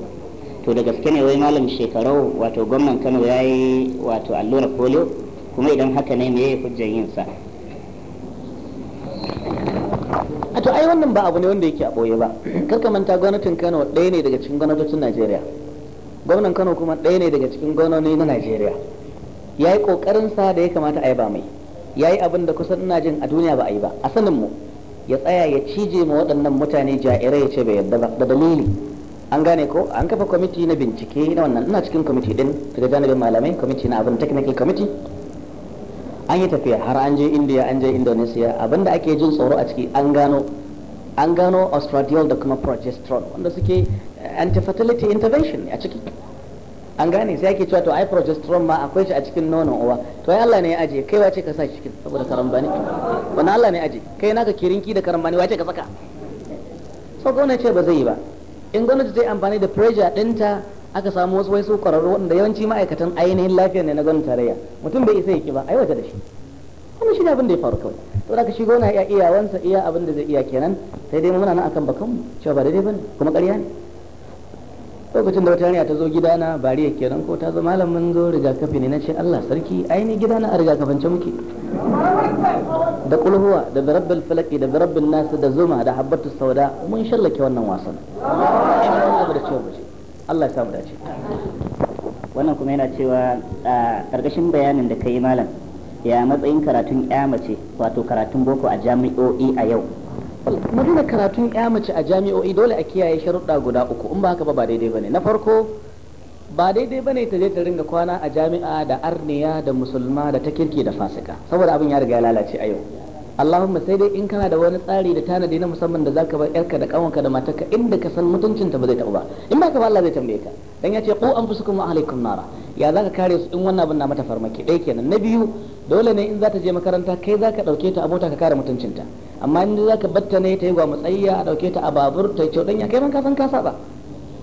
to da gaske ne wai malam shekarau wato gwamnan Kano ya yi wato allurar polio kuma idan haka ne me hujjar yin sa to ai wannan ba abu ne wanda yake a boye ba karka manta gwamnatin Kano ɗaya ne daga cikin gwamnatocin Najeriya gwamnan Kano kuma ɗaya ne daga cikin gwamnoni na Najeriya yayi kokarin sa da ya kamata a yi ba mai yayi abin da kusan ina jin a duniya ba a yi ba a sanin mu ya tsaya ya cije ma waɗannan mutane jairai ya ce bai yarda ba da dalili an gane ko an kafa kwamiti na bincike na wannan ina cikin kwamiti din daga janibin malamai kwamiti na abin technical committee an yi tafiya har an je india an je indonesia abinda ake jin tsoro a ciki an gano an gano ostradiol da kuma progesterone wanda suke anti-fertility intervention a ciki an gane sai ake cewa to ai progesterone ma akwai shi a cikin nonon uwa to ai Allah ne ya aje kai wace ka sa shi cikin saboda karambani wannan Allah ne ya aje kai naka kirinki da karambani wace ka saka so gwamnati ce ba zai yi ba in gwamnati zai amfani da pressure dinta aka samu wasu wai su kwararru wanda yawanci ma'aikatan ainihin lafiya ne na gwamnatin tarayya mutum bai isa yake ba wata da shi wannan shi ne abin da ya faru kawai to da ka shi iya iyawansa iya abin da zai iya kenan sai dai muna nan akan bakan mu cewa ba daidai bane kuma ƙarya ne lokacin da wata yarinya ta zo gidana bariya kenan ko ta zo malam mun zo rigakafi ne na ce Allah sarki aini gidana a rigakafance muke da kulhuwa da birabbal falaki da birabbin nasu da zuma da habbatu sauda mun shallake wannan wasan da cewa Allah ya samu dace wannan kuma yana cewa a ƙarƙashin bayanin da kai malam ya matsayin karatun ya wato karatun boko a jami'o'i a yau da karatun ya mace a jami'o'i dole a kiyaye sharuɗa guda uku in ba haka ba ba daidai bane na farko ba daidai bane ta je ta ringa kwana a jami'a da arniya da musulma da ta kirki da fasika saboda abin ya riga ya lalace a yau Allahumma sai dai in kana da wani tsari da tanadi na musamman da zaka bar yarka da kanwanka da matarka inda ka san mutuncinta ba zai taɓa ba in ba ka ba Allah zai tambaye ka dan ya ce qu anfusukum wa alaikum nara ya zaka kare su in wannan abin na mata farmaki dai kenan na biyu dole ne in za ta je makaranta kai zaka dauke ta abota ka kare mutuncinta amma in za ka batta ne ta yi gwa matsayya a dauke ta a babur ta dan ya kai man ka san ka saba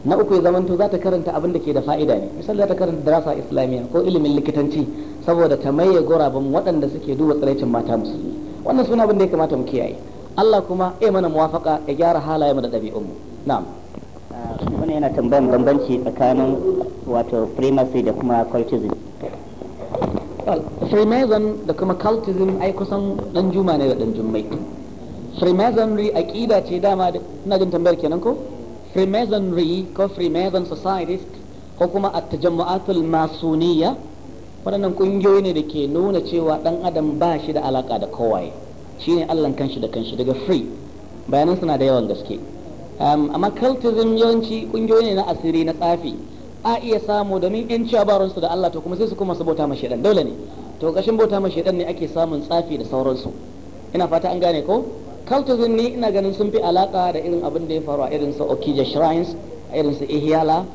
na uku ya zamanto za ta karanta abin da ke da fa'ida ne misali za ta karanta darasa islamiyya ko ilimin likitanci saboda ta maye guraben waɗanda suke duba tsiraicin mata musulmi wannan suna abin da ya kamata mu kiyaye Allah kuma ya mana muwafaka ya gyara halaye mu da ɗabi'un mu na'am wani yana tambayan bambanci tsakanin wato primacy da kuma cultism freemason da kuma cultism ai kusan dan juma ne da dan jummai freemasonry aqida ce dama ina jin tambayar kenan ko freemasonry ko freemason societies ko kuma at-tajammu'atul masoniyya waɗannan ƙungiyoyi ne da ke nuna cewa ɗan adam ba shi da alaƙa da kowaye ne allan kanshi da kanshi daga free bayanan suna da yawan gaske amma cultism yawanci ƙungiyoyi ne na asiri na tsafi a iya samu domin yan su da Allah to kuma sai su kuma su bauta ma shaidan dole ne to kashin bauta ma shaidan ne ake samun tsafi da sauransu ina fata an gane ko cultism ni ina ganin sun fi alaka da irin abin da ya faru a irin su Okija shrines a irin su Ihiyala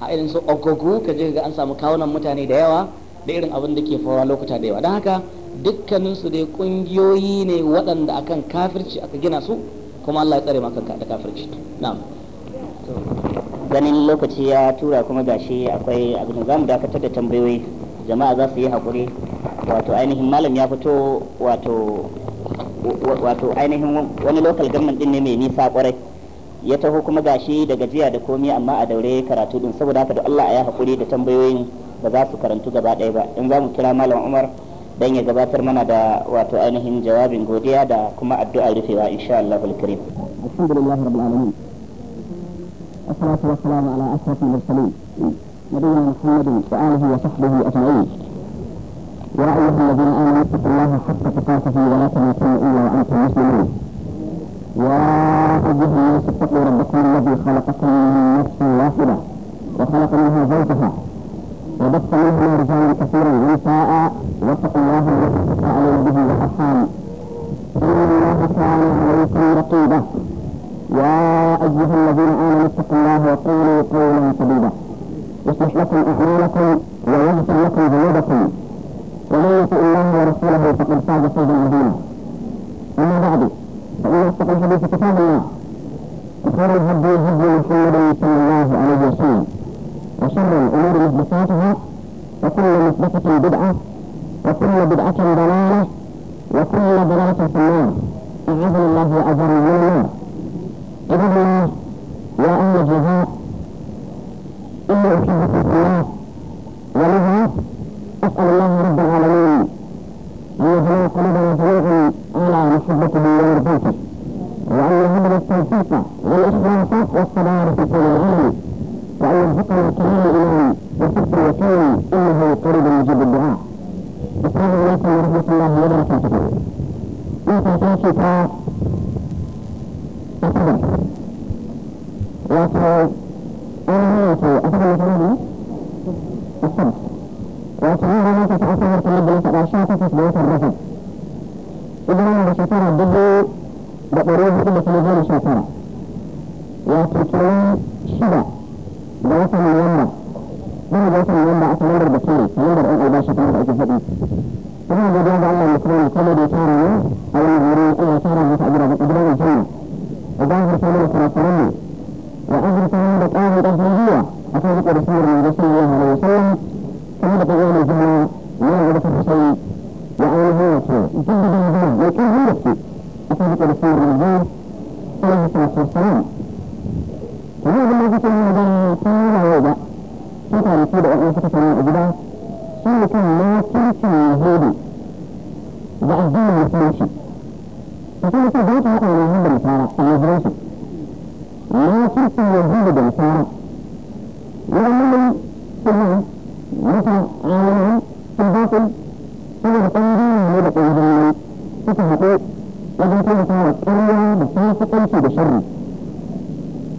a irin su Ogogu kaje ga an samu kawunan mutane da yawa da irin abin da ke faruwa lokuta da yawa don haka dukkaninsu dai kungiyoyi ne waɗanda akan kafirci aka gina su kuma Allah ya tsare maka da kafirci na'am ganin lokaci ya tura kuma gashi akwai abin da zamu dakatar da tambayoyi jama'a za su yi hakuri wato ainihin malam ya fito wato wato ainihin wani local government din ne mai nisa kwarai ya taho kuma gashi da gajiya da komi amma a daure karatu din saboda haka da Allah ya hakuri da tambayoyin ba za su karantu gaba ɗaya ba in za mu kira malam umar don ya gabatar mana da wato ainihin jawabin godiya da kuma addu'a rufewa insha Allah alkarim alhamdulillah rabbil alamin assalatu wassalamu ala asrafil mursalin nabiyina muhammadin wa alihi wa sahbihi ajma'in ya ayyuha alladhina amanu آمنوا haqqa tuqatih wa la tamutunna illa wa antum muslimun يا أيها الناس اتقوا ربكم الذي خلقكم من نفس واحدة وخلق منها زوجها وبث منهما رجالا كثيرا ونساء واتقوا الله الذي تساءلون به والارحام ان الله كان عليكم رقيبا يا ايها الذين امنوا اتقوا الله وقولوا قولا سديدا يصلح لكم اعمالكم ويغفر لكم ذنوبكم ومن يطع الله ورسوله فقد فاز فوزا عظيما اما بعد فان اتقوا الحديث كتاب الله وخير الهدي هدي محمد صلى الله عليه وسلم وشر الأمور محدثاتها وكل محدثة بدعة وكل بدعة ضلالة وكل ضلالة في النار أعاذنا الله وأجر من النار عباد الله يا أهل الجزاء إني أحبكم في الله ولها أسأل الله رب العالمين أن يجعل قلوبنا جميعا على محبته ومرضاته وأن يهدنا التوفيق والإخلاص والصبر في كل العالم وأن يرزقنا الكلام إليه وصدق اليقين إنه قريب مجيب الدعاء السلام عليكم ورحمة الله وبركاته أنت تأتيك أقدر لكن أنا هاتي أقدر مثلا الصدق وأتعلم أن تتعصر كلمة الأشياء في بيت الرجل إذا بشكرة بدي بقريب كل كلمة شكرة وتكلم شبه da watan Nuwamba ina da watan Nuwamba a kalandar da kare kalandar ɗan albashi kamar da ake faɗi ina da don da Allah ya kuma kama da tare ne a wani gari ina tara masa a gidan aljanna a zahar ta mana kurakuran ne wa azurta mana da ƙarin ƙarfin zuwa a kan riƙe da sunan manzo sallallahu alaihi wasallam kamar da ɗaga mai juna yana da ta fasai ya ainihin wato jirgin zuwa mai ƙarfin gaske a kan riƙe da sunan manzo sallallahu alaihi wasallam 非常に難しいのの考えが、世界にする大阪さんを奪う、真剣の中心に入り、大事にしまし、なかなか大事のことを読んでも変わらない珍しい。脳中心を読んでも変わらない。いろんなものに、それは、皆さん、あの、その場所に、それが単純に見れば単純に、そこに、私たちは、これを、その世界中で処理。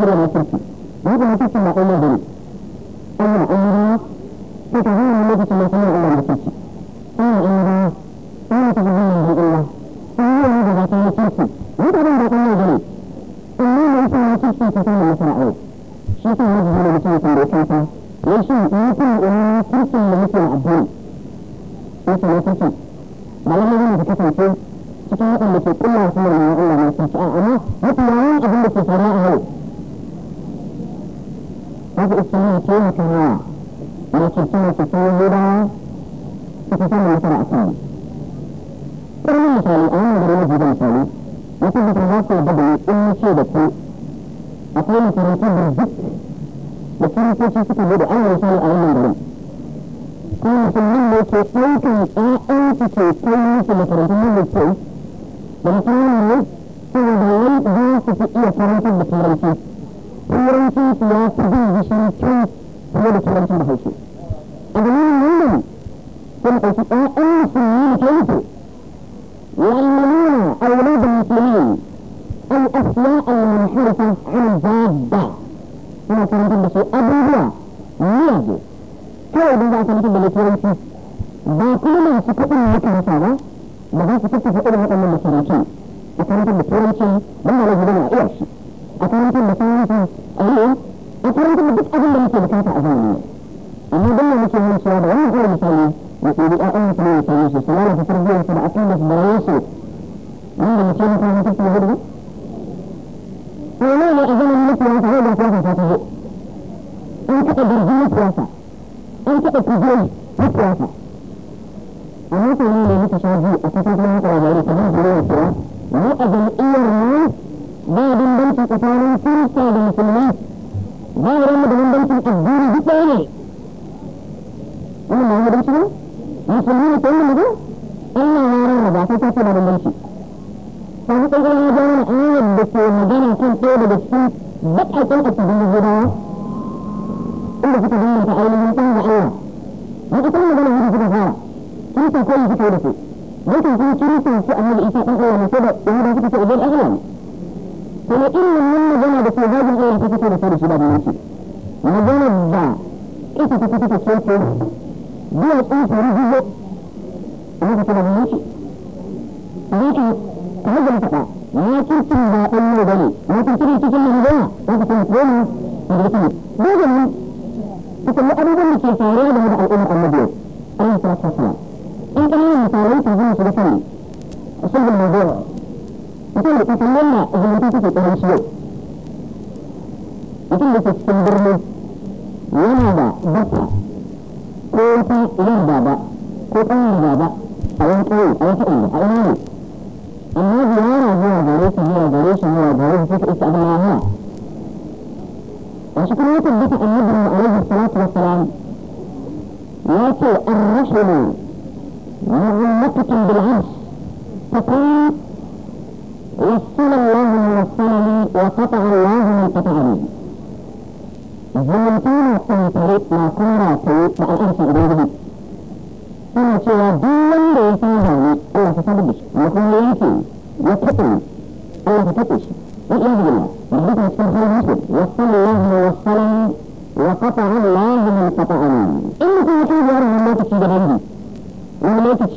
pero no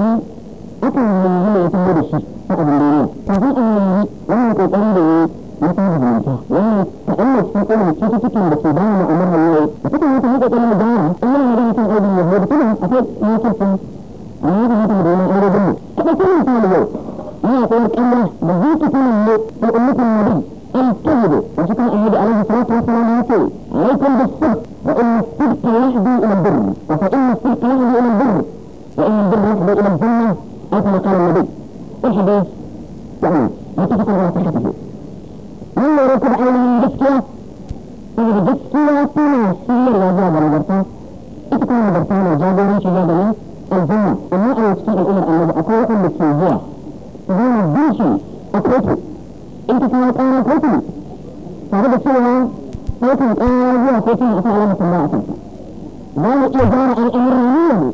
وإن الصدق يهدي إلى البر وفإن الصدق يهدي إلى البر وإن بالنسبة إلى الجنة أو كما قال النبي الحديث يعني متفق على صحته مما ركب عليه جسكية إذا جسكية كان سير وزاد البرتان إتقان البرتان وجاد ريش جاد لي الجنة وما أن يشتيء إلى أن يبقى أن بسيجية زين الجنشي أكرتي أنت كانت أنا أكرتي فهذا السيرة لكن أنا أجوى كيفية أفعل مثل ما أفعل ذلك يزار عن أمر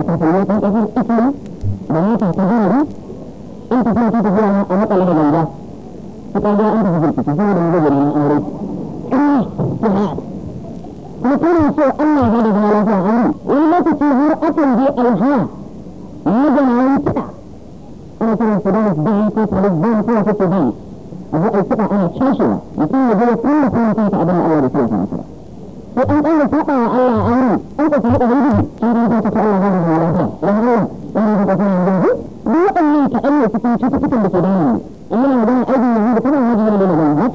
Abu Al-Fatah al-Shashira, itu dia perlu perhatian keadaan Allah di sini. وإن كان ساقع الله أمرا أنت ساقع به إذا جاءتك الله هذا الله لعلنا إذا جاءتك الله لا أنك أن تكون بكلام إنما بين أيدي يهود كما هذه من المنهج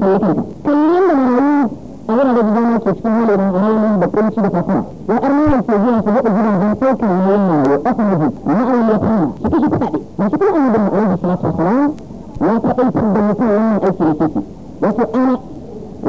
فلتنك كلين بمرايين أولا بجوانا كشفها لرغيان بكل شيء بكثرة وأرمينا سيجيها سيجيب الجنة بنتو كلين وأخذه مع اليقين شكيش تتعبي ما شكرا أن بالمعروف صلى الله عليه وسلم لا تقل سبب النساء من أي شيء وسؤال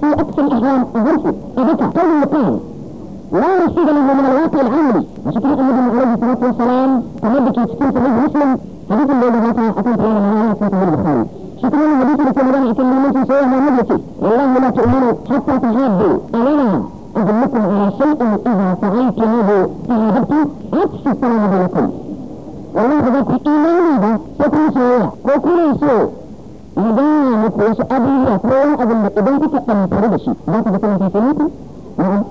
في أكثر الأحيان الغرفة وذكى كل مقام لا رصيد له من الواقع العملي وشكاء النبي عليه الصلاة والسلام تهدك في صحيح مسلم حديث الليل ذاته أطلت على هذا صلاة البخاري شكرا الحديث لكم الله يكلم من في شيء ما مدركي والله لا تؤمن حتى تهادوا أولا أدلكم على شيء إذا فعلت فعلتموه فهدبتم عكس السلام بينكم والله بذلك إيماني ده تكون شيئا وكل شيء هذا مثلش أبي يطلع أظن إذا تتقن تردشي لا تتقن تسليكم نعم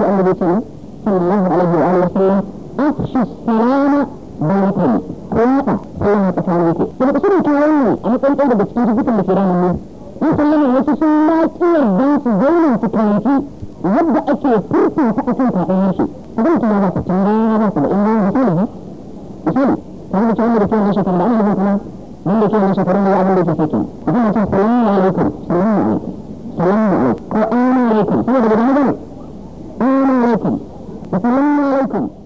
لأن بيتنا صلى الله عليه وآله وسلم أخشى السلام بينكم خلاقة سلامة تسليكي إذا تشير كلامي أنا كنت أقول بس كيف ذكر لفيران منه يقول لنا يسوس الله كير باس زينا تكليكي يبدأ أشي فرصة فأسنت أعيشي أظن كي هذا تكليكي هذا تبقى إنه مثالي مثالي فهذا كلام رسول الله صلى الله عليه وسلم من da ke mashi farin da abin da ke sake zai ce salamu alaikum salamu alaikum salamu alaikum ko amin alaikum saboda daga haka ne amin alaikum salamu alaikum